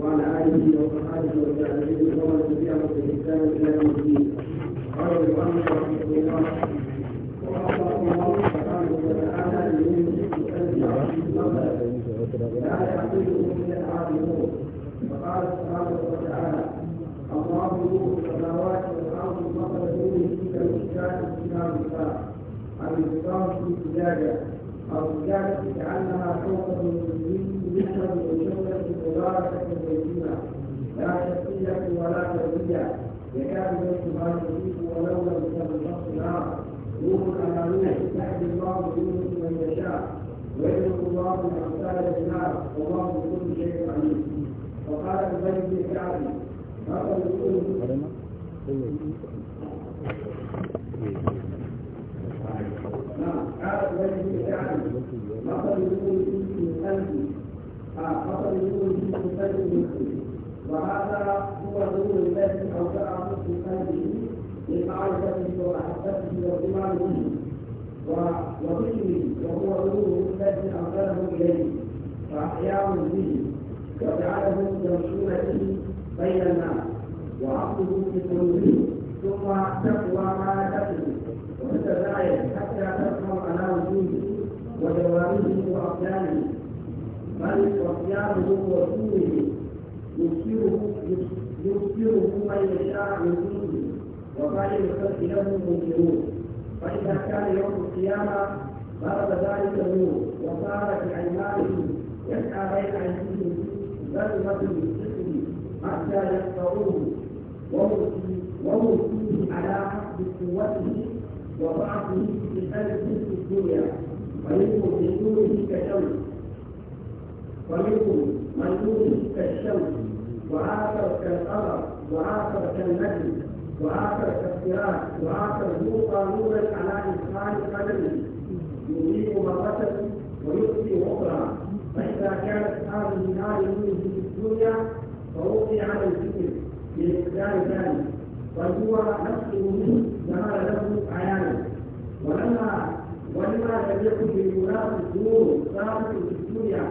وعن آله وصحبه والتابعين ومن تبعهم بإحسان إلى يوم الدين قال المؤلف رحمه الله وأخبر الله سبحانه وتعالى من لا يعقله إلا العالمون فقال سبحانه وتعالى الله نور السماوات والأرض مثل نوره كالمشكاة في نار الساعة الإسلام في سجادة السجادة جعلها حوضا للمسلمين ذكرا وشوكة لا شقية ولا فرية يكاد بيتها يضيء ولو لم تنفص نار روح على روح الله يونس من يشاء ويترك الله الامثال النار والله بكل شيء عليم وقال ابي بن كعب مثل نعم قال ابي بن كعب مثل الكل من قلبي فقد يكون هو الامر الذي اوقعه في قلبه لمعرفته ومحبته والايمان وذكره وهو الامر الذي اوصله اليه فاحياه به وجعلهم يمشون به بين الناس وعقله في قلوبهم ثم تقوى ما وتتزايد حتى تظهر على وجوده وجوارحه وابدانه بل وصيامه وصومه يكثره يكثره من يشاء من دونه وقال الخلق له منكرون فإذا كان يوم القيامة ضرب ذلك النور وصار في أيمانهم يسعى بين أيديهم ذرة بالسحر حتى يقطعوه وهو فيه على حسب قوته وضعفه في في الدنيا ومنهم بدونه كشمس ومنهم من يؤمن كالشمس وآخر كالقمر وآخر كالنجم وآخر كالصراط وآخر ذو قانون على إدخال قدمه يضيء مرة ويؤتي أخرى فإذا كانت هذه الآية في الدنيا فوقي على الفكر بإقدار ذلك وهو نفسه منه ظهر له عيانه ولما ولما لم يكن للمنافق نور ثابت في الدنيا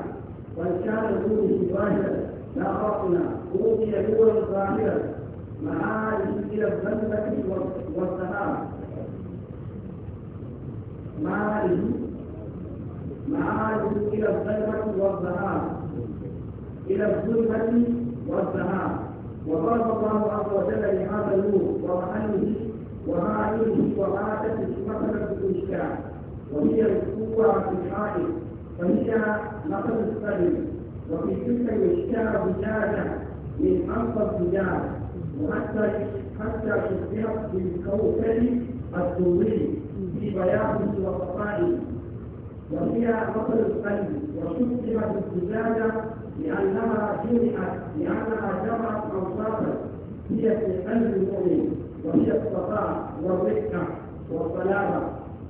وإن كان دونه واحدا لا فرقنا أوتي نورا ظاهرا معارج إلى الذنبة والسلام معارج معارج إلى الذنبة والسلام إلى الظلمة والسلام وضرب الله عز وجل لهذا النور ومحله ومعارجه ومعرفته مثلا الإشكال وهي القوة في الحائط فهي لقب الصبي وفي تلك يشتهر بجارة من أنقى التجارة وحتى حتى شبهت بالكوكب الدوري في بياضه وصفائه وهي بطل القلب وشبهت الزجاجة لأنها جمعت لأنها جمعت أنصافا هي في قلب المؤمن وهي الصفاء والرقه والصلابة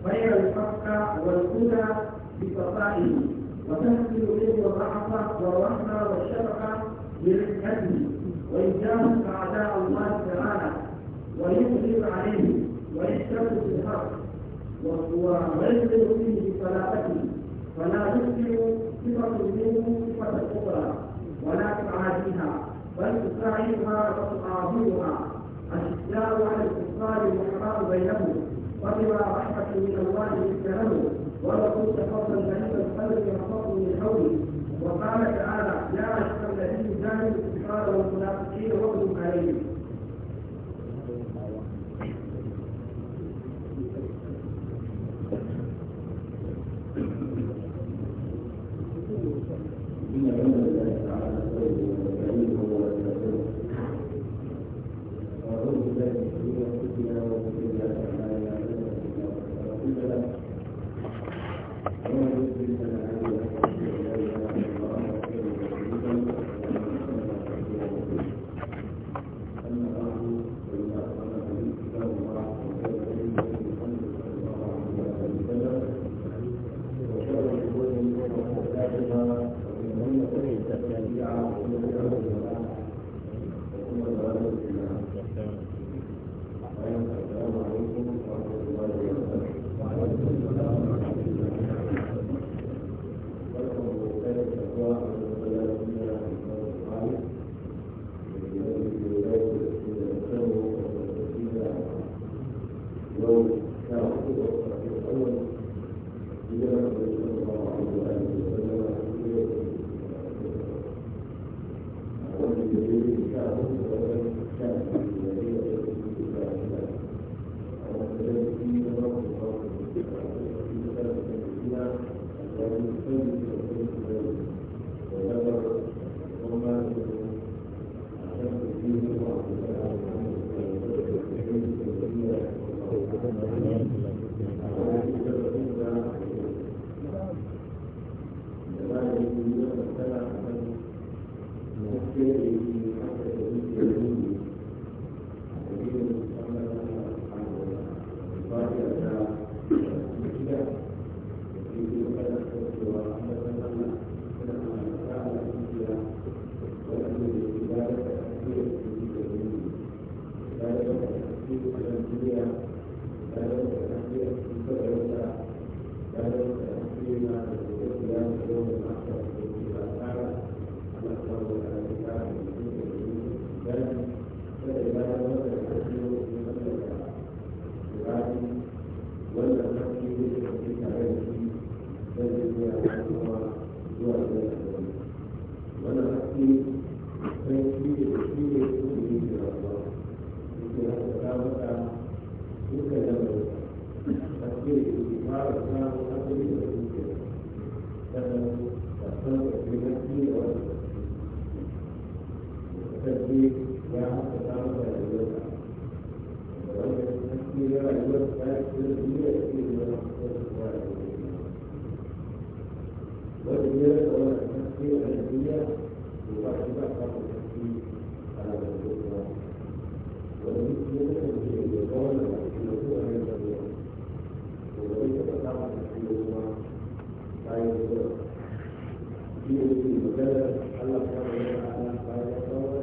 غير الحق والهدى بصفائه وتنزل اليه الرحمه والرحمه والشفقه برحمته وإنجاز أعداء الله تعالى ويغلب عليه ويشتد في الحق ويظهر فيه بصلابته فلا يظهر صفة منه صفة أخرى ولا تعاديها بل تساعدها وتعاضدها الإسلام على الكفار والحرام بينهم وبما رحمة من الله لك ولا كنت قبل النبي القلب من حولي وقال تعالى يا اشقى الذين جاهلوا الكفار والمنافقين واغلب عليهم Thank you. في الله سبحانه وتعالى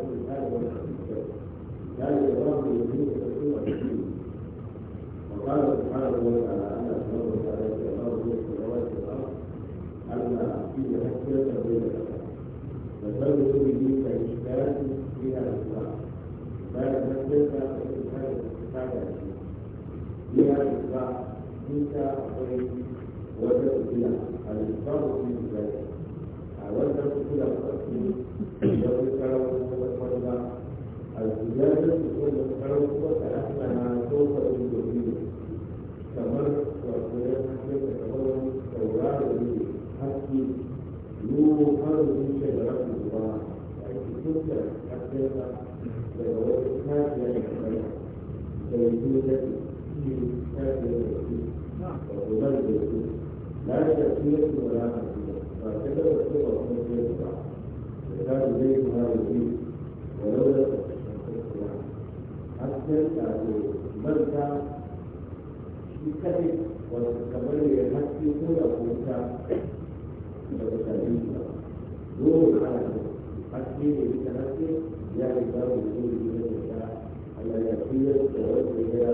لا يتضاف الوجود الرسول الحكيم وقال سبحانه وتعالى ان اسماء وتعالى استعمال في السماوات والارض ان في حجه بين فسبب به كاشكال فيها الاسماء ذلك حجه فاسمها الاستفاده فيها الاسماء تلك خير وتسجيل الاسماء في ذلك والتسجيل الخطي لا تأثير ولا حقيقة فكذا الصورة التي يتبع فكان إليه هذا الدين ولولا حتى بركة يكتب وتتبرر حتى يكون أبوك وتتبرر دور على حتى يتنسي يعني دار الدين Priya Priya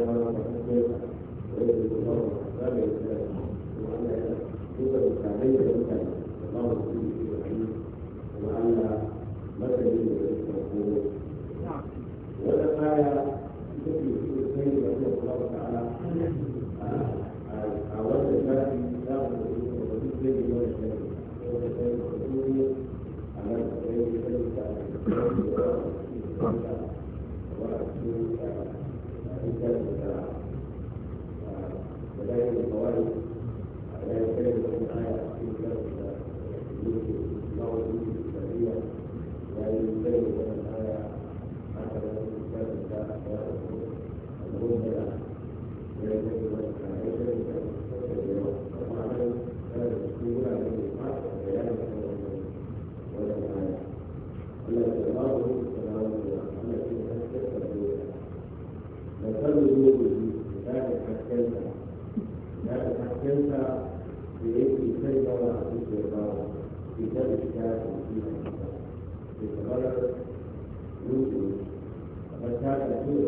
Thank you.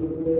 particular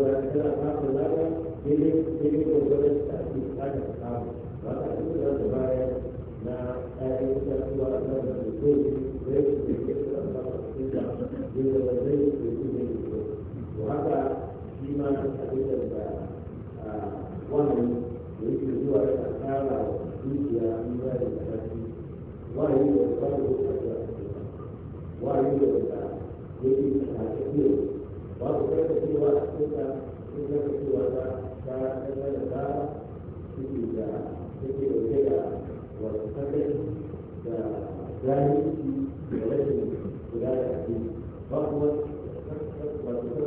ولا تكلم عن هذا يجب يجب وجود استعمال الحرام وأعتقد أن الزبائن لا أعرف أن هو أن الرسول ليس بكثرة ليس بكثرة وهذا فيما تحدث وهم يمكن هو الأسعار والدنيا من ذلك الحديث وهي الفرد وهي الفرد يجب أن babu karkacewa a cikinta sun karkacewa ta ta kasar da ta suke da take dauke da wasu kasar da zahiri da rashin guda da ake babu wasu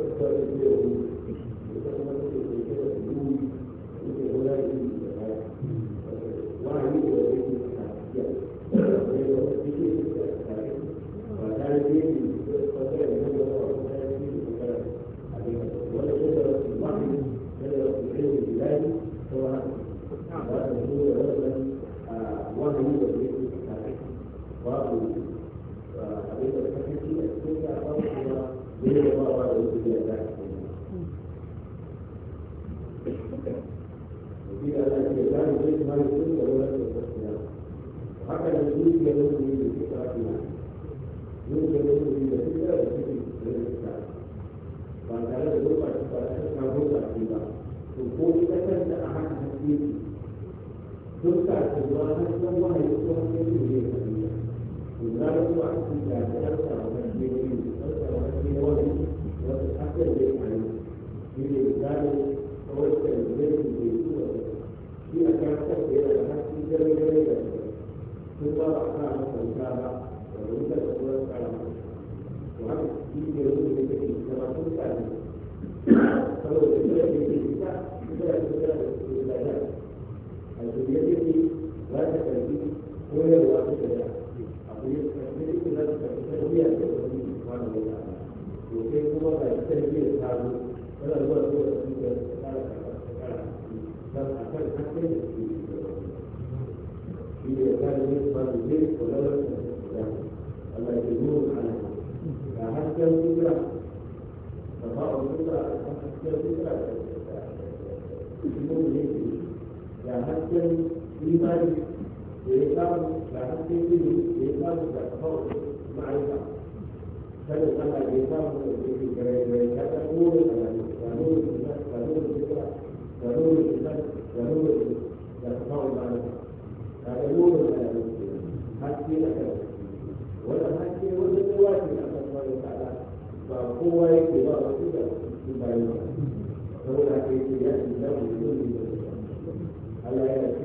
hasken imani da ya samu da hasken ilimi da ya samu da kafawar ma'aika sanin Allah da ya samu da ke ke gare gare ya ta kone a nan da nuna da ta nuna da ta da nuna da ta da nuna da ta kafawar ma'aika da ta nuna da ta haske a kan wanda haske wanda kowa ke a kan wani ta'ala ba kowa yake ba wasu da su bayan ba saboda ke ya ce da mutum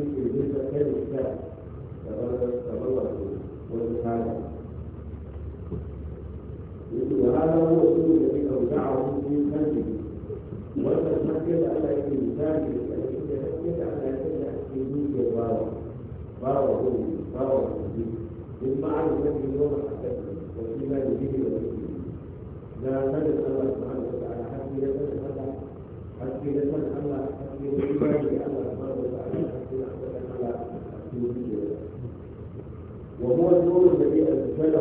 بالنسبة للإنسان تبلغ والإحالة وهذا هو الأسلوب الذي أودعه في قلبه وتتمكن على الإنسان يتمكن على تأكيد الواو واو واو بالمعنى الذي هو حسن والإيمان به وبه لا نجد الله سبحانه وتعالى حتى يسأل الله حتى يسأل الله حتى يسأل الله سبحانه وتعالى fue la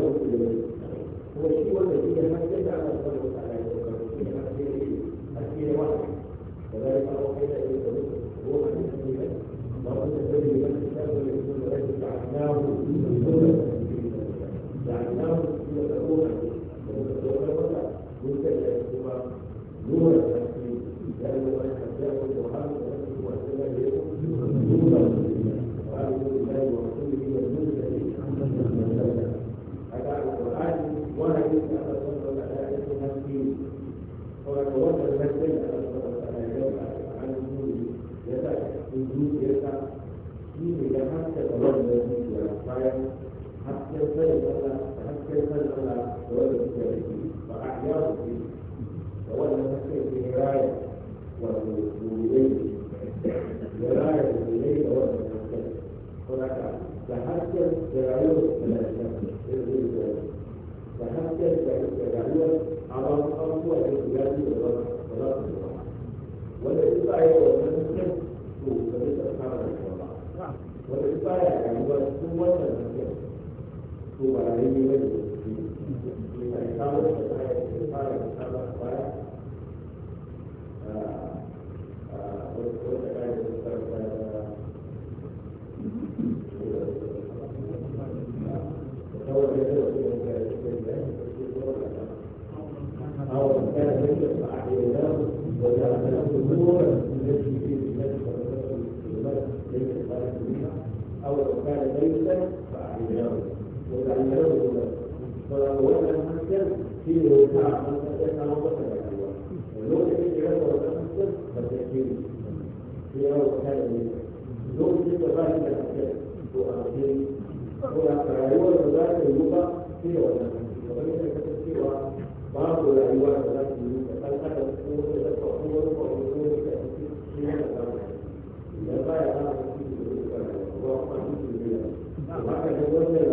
Gracias.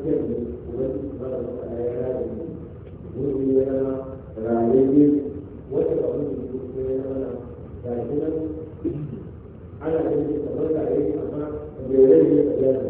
ana yin kamar da ya yi amma da ya rage da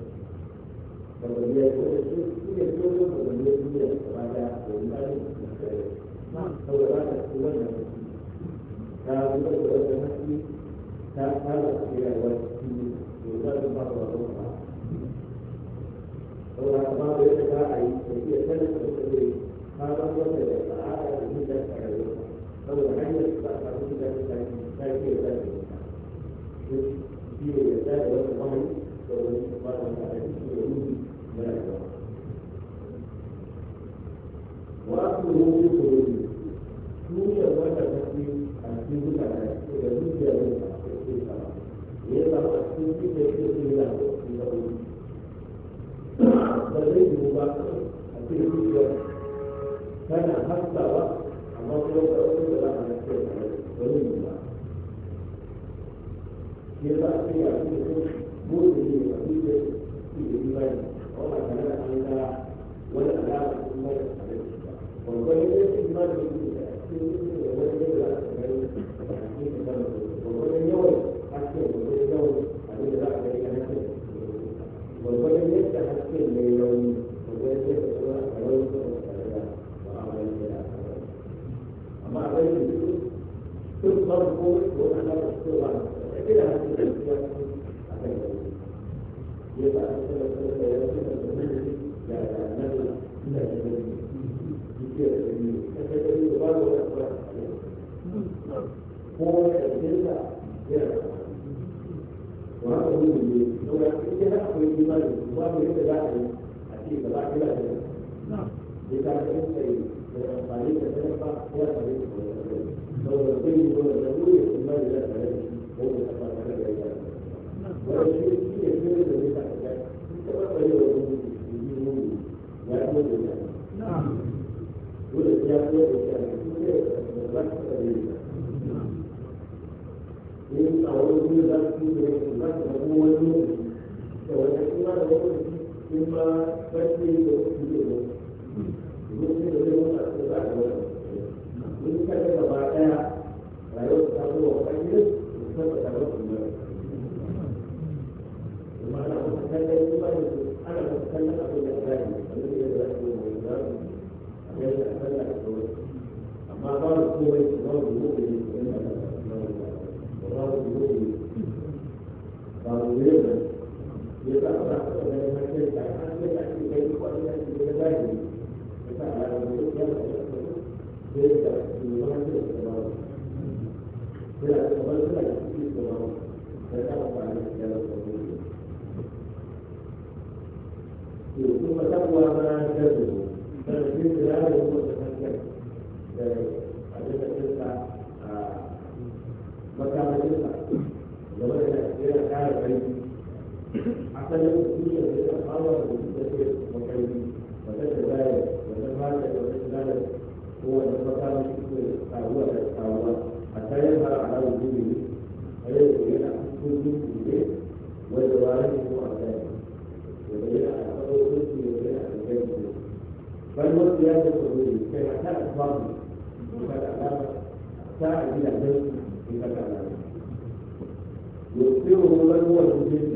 والمدير كل شيء كل شيء والمدير كل وهذا والمدير نعم هو هذا الولد هذا الولد نفسي هذا الشيء والسين والولد مرة أخرى هو هذا ما بيتك أي هي ثلاث أسابيع هذا الولد هذا الولد هو هذا الولد هذا الولد wani ne saboda in dai akwai imani ba mu yadda za a yi a ce ba za a kira da ne ta ka yi kai da amfani da sarrafa ya amfani da kuma saboda zai yi wani da dole imani za ta yi ko da ta fara da ya yi wani shi shi ne shi ne da zai ta kai ta ba ta yi wani mutum ya yi mutum ya yi mutum ya yi mutum wani za su yi da yake za su samu wani lokaci da wani kuma da wani ma ba su yi da فالمرء يدخل كيف كانت برضه فتألم ساعد إلى البيت إذا كان يبصره من هو المجد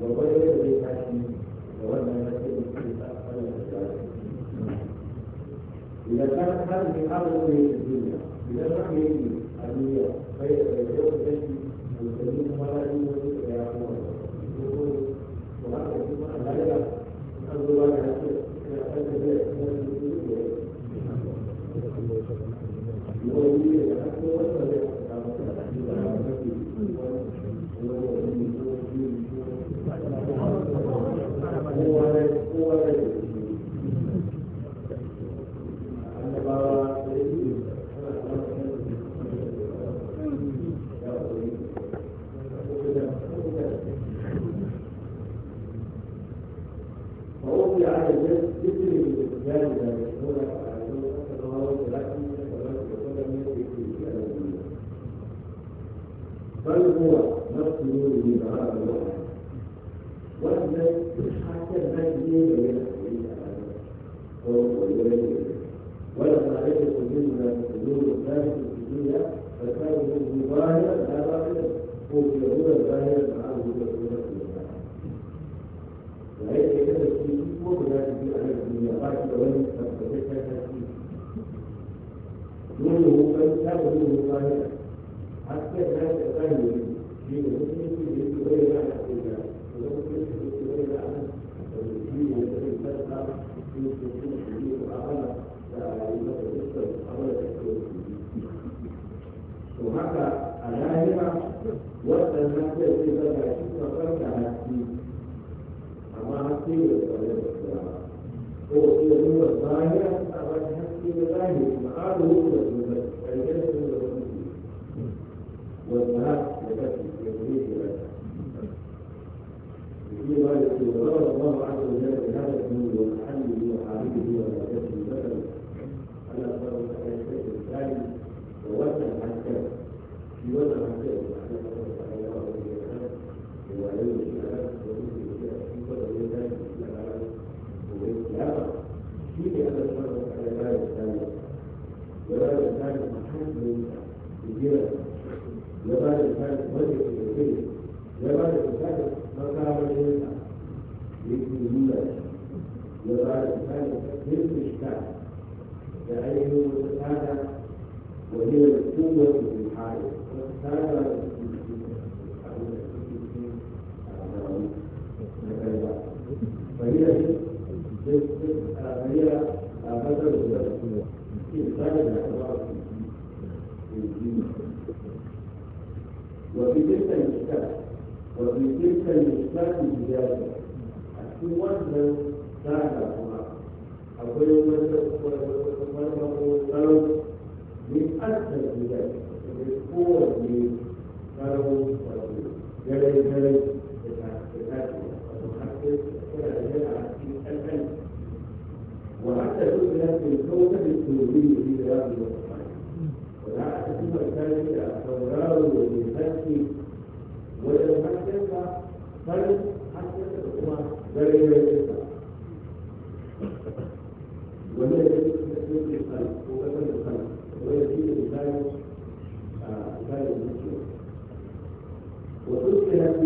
وغير الحاكم وما إذا كانت هذه أرض الدنيا إذا كان الدنيا غير غير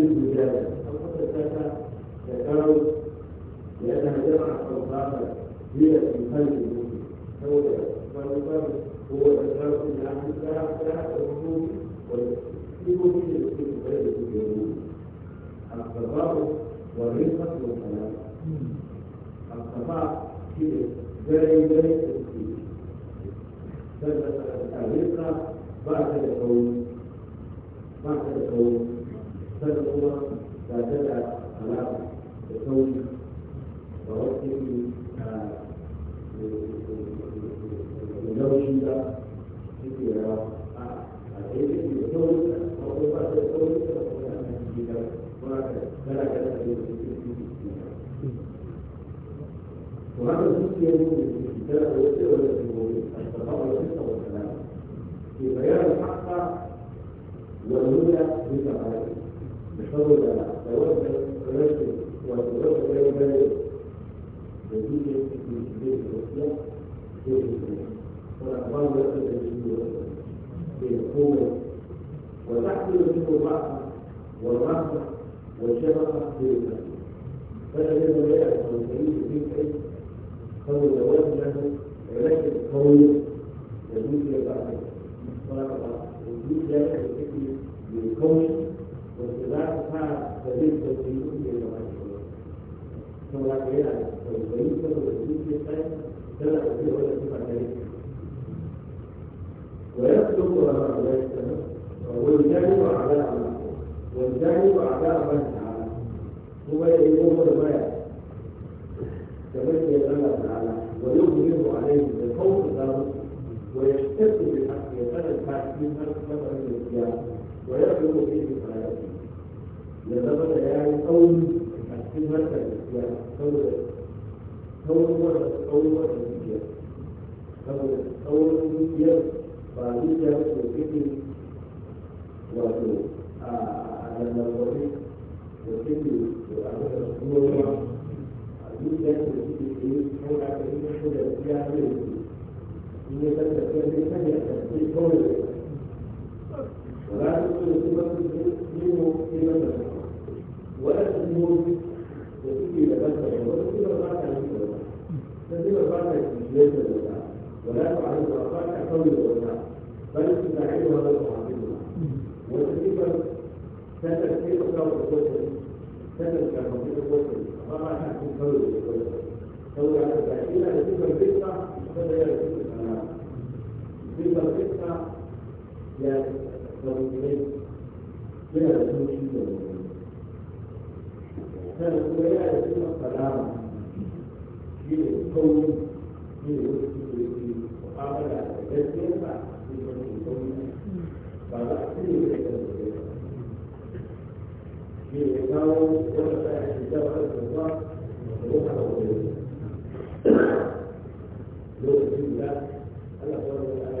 Gracias. تتطور في القوة وتحمل منه الرحمة والرحمة والشفقة في النفس فالذي لا يحصل سعيد في الحج فهو جواز له علاج القوي يجوز لبعضه وجود ذلك الفكر للكون واتباع فعل سبيل التوحيد الى كما قيل التوحيد فهو يجوز للقلب كما يقول ولا في ذلك يكتب ويجانب أعداء الله والجانب أعداء الله تعالى هو يقوم بالبيع تبكي الله تعالى ويغلب عليه بالخوف الأرض ويشتد بالحق يسال الحق من مرتبة الإسلام ويبلغ فيه بحياته لذلك يعني قول الحق من مرتبة الإسلام قول قول قول salama shi ne kauri shi ne wasu su da ke mu'amala da gaskiyar ba shi ne wasu kauri ba za a cire da kan da ya shi ne kawo wata ta yi da ba da ba da wata da wani lokacin da Allah ta wani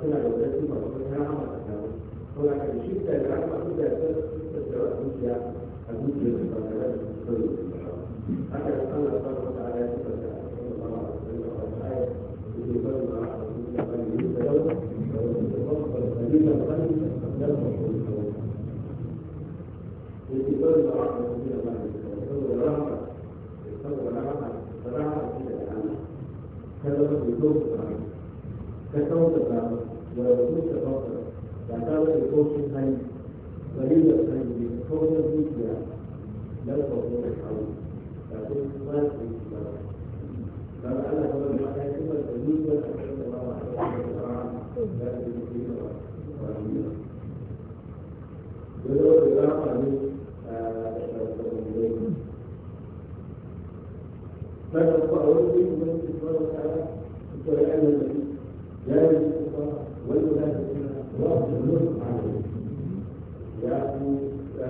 suna da wata suna da wata rahama a kawo. Saboda shi da rahama su da ta tsara zuciya a zuciya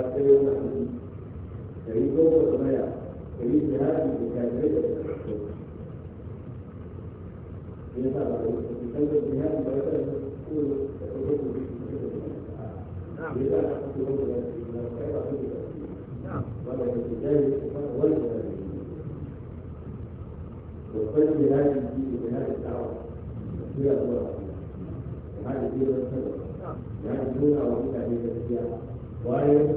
تقول تعيد جوه المياه تعيد هذه الكافيه نعم. نعم. وقد بهذه بهذه الدعوة هي الله وهذه هي السبب يعني دون وقت هذه الأشياء وهي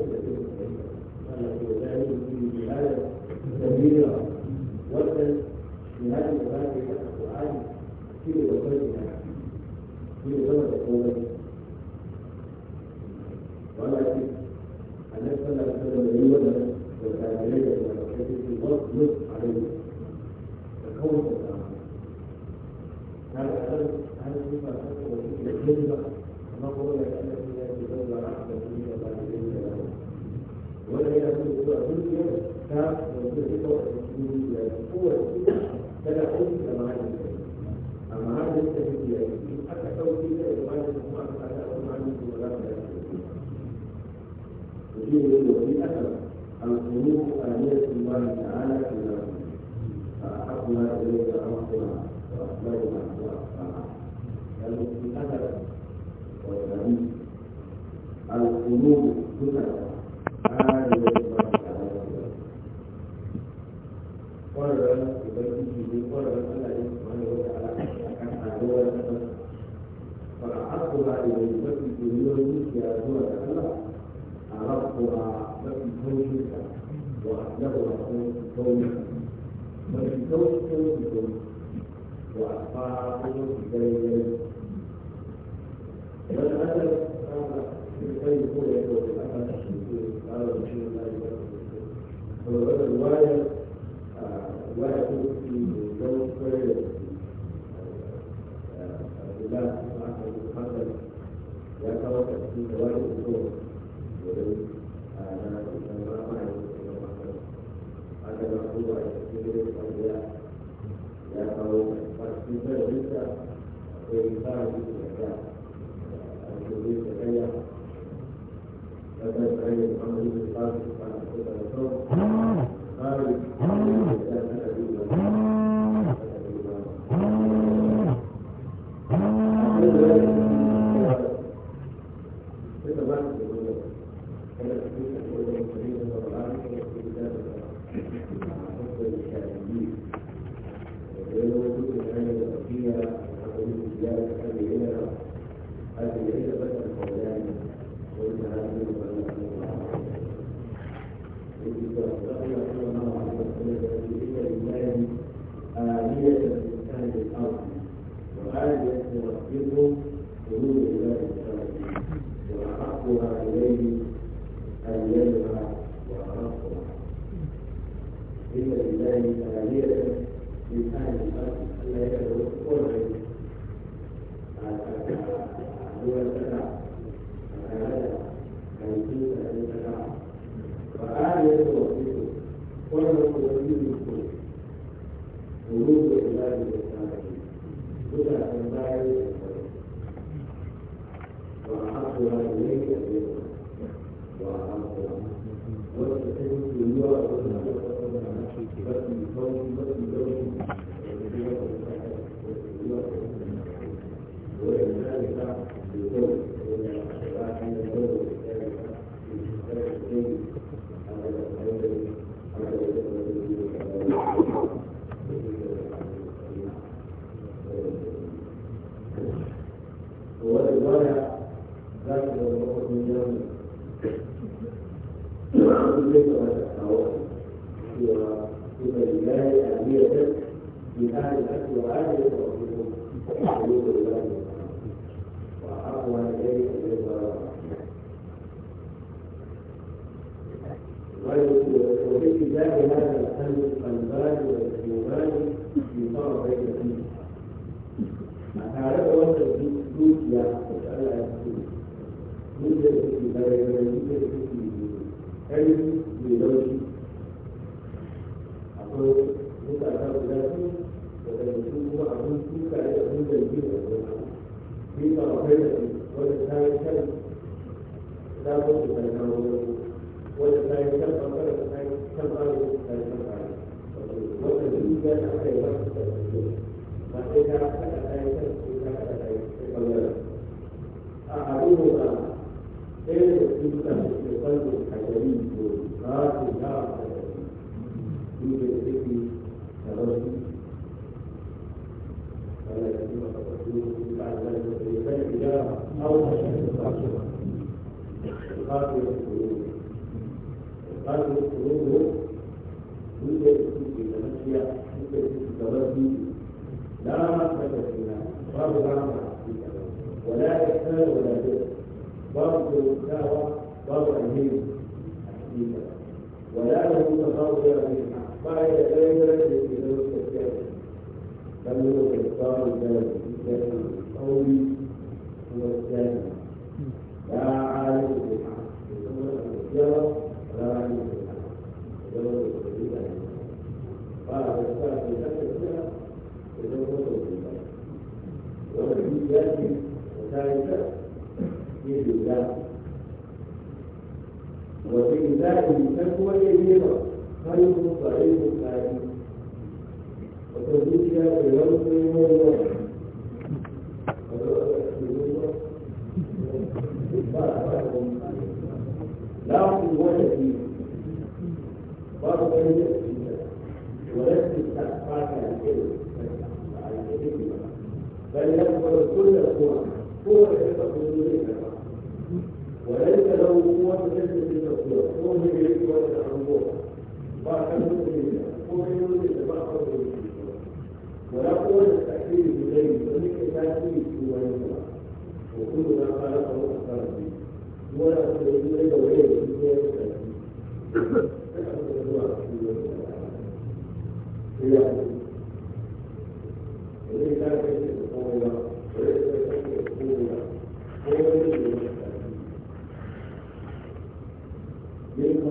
يجاوزون الأمر عرفتها باسم كونك وأبلغها كونك وفي كونك كونكم وأخطاكم بين والأدب هذا في الخير هو يقول الأمل قال رسول الله صلى الله عليه وسلم الوالد لا يكون في كونك ولا يكون في ya kawo ta cikin da wani uku domin a na kusan rama ya wuce na makar aka na kowa ya cikin gidan kwalliya ya kawo ta cikin da wuta akwai tsarin da ya a cikin da kanya kasar tsarin da kwalliya da tsarin da kwalliya da tsarin da kwalliya ولوك عباد الصالحين هدى تنبغي وأحبها إليك الرضا وأحبها وتحب اليوم بس من قوم بس من قوم التجارة أو تشكيل الخاصة قاتل القلوب قاتل القلوب يوجد في تمشي يوجد في تردي لا مقصد فيها باب لا ولا إحسان ولا جد باب الدعوة باب الهيم ولا له تفاوت عليها فإذا كان ذلك في تمشي بل هو كفار ذلك قولي will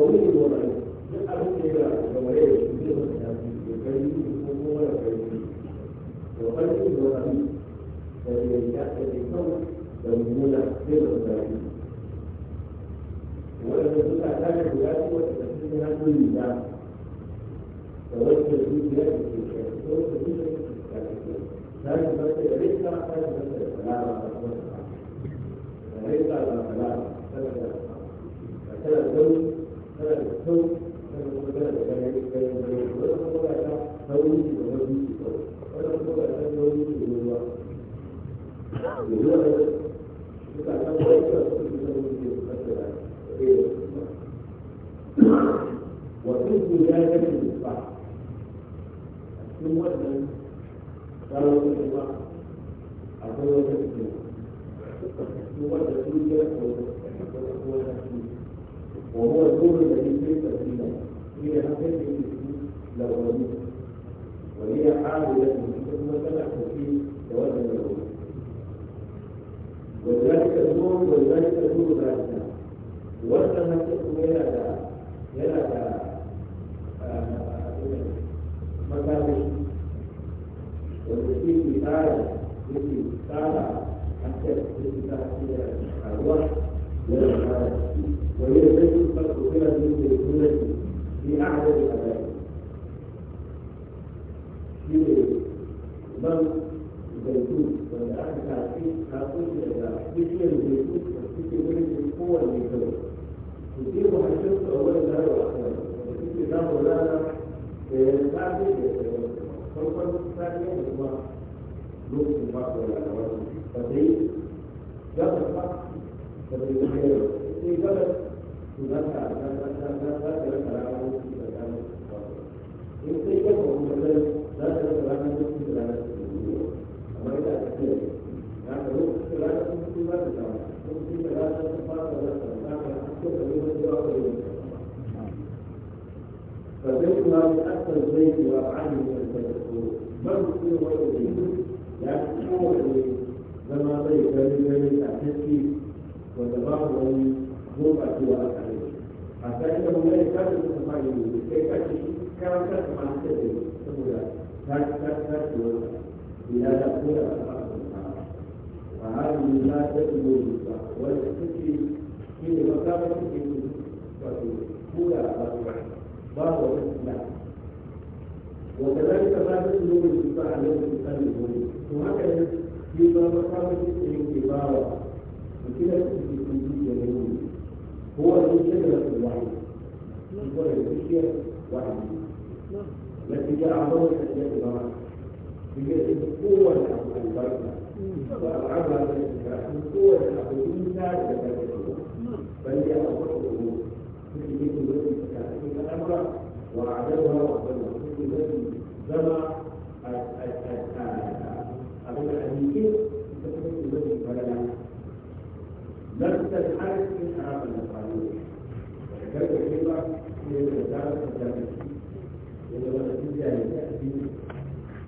قوله ومن ثانيا هو لوك المرض ولا الأوازن فبين جبر الفقر إلى تقول أصحاب وهذه لا تدل ولا تكفي في مكانة تقول أصحاب بعض الإسلام وكذلك ما تدل بالإصلاح الذي تسلمه وهكذا في مقام في الجميع هو الشجرة الوحيدة هو الشجرة الوحيدة التي جاء عبر بجد قوة البركة وألعبها بالإنسان من قوة الإنسان لبركته بل هي أوصفه في التي تأتي الأمر وعدوها وأفضلها في التي زرع أبدا أبيكين تكون التي فلا لم تنحرف من حرام الأفعالية وكذلك أيضا هي الرسالة الثانية وهو التي تأتي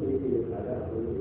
que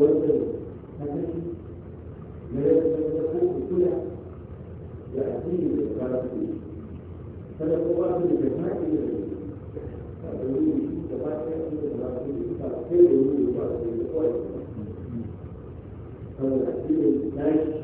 boleh Nanti Mereka menyebut itu ya Ya, ini sekarang itu Kalau orang itu dikenali Tak boleh Kepada itu dikenali Tak boleh dikenali Tak boleh dikenali Tak boleh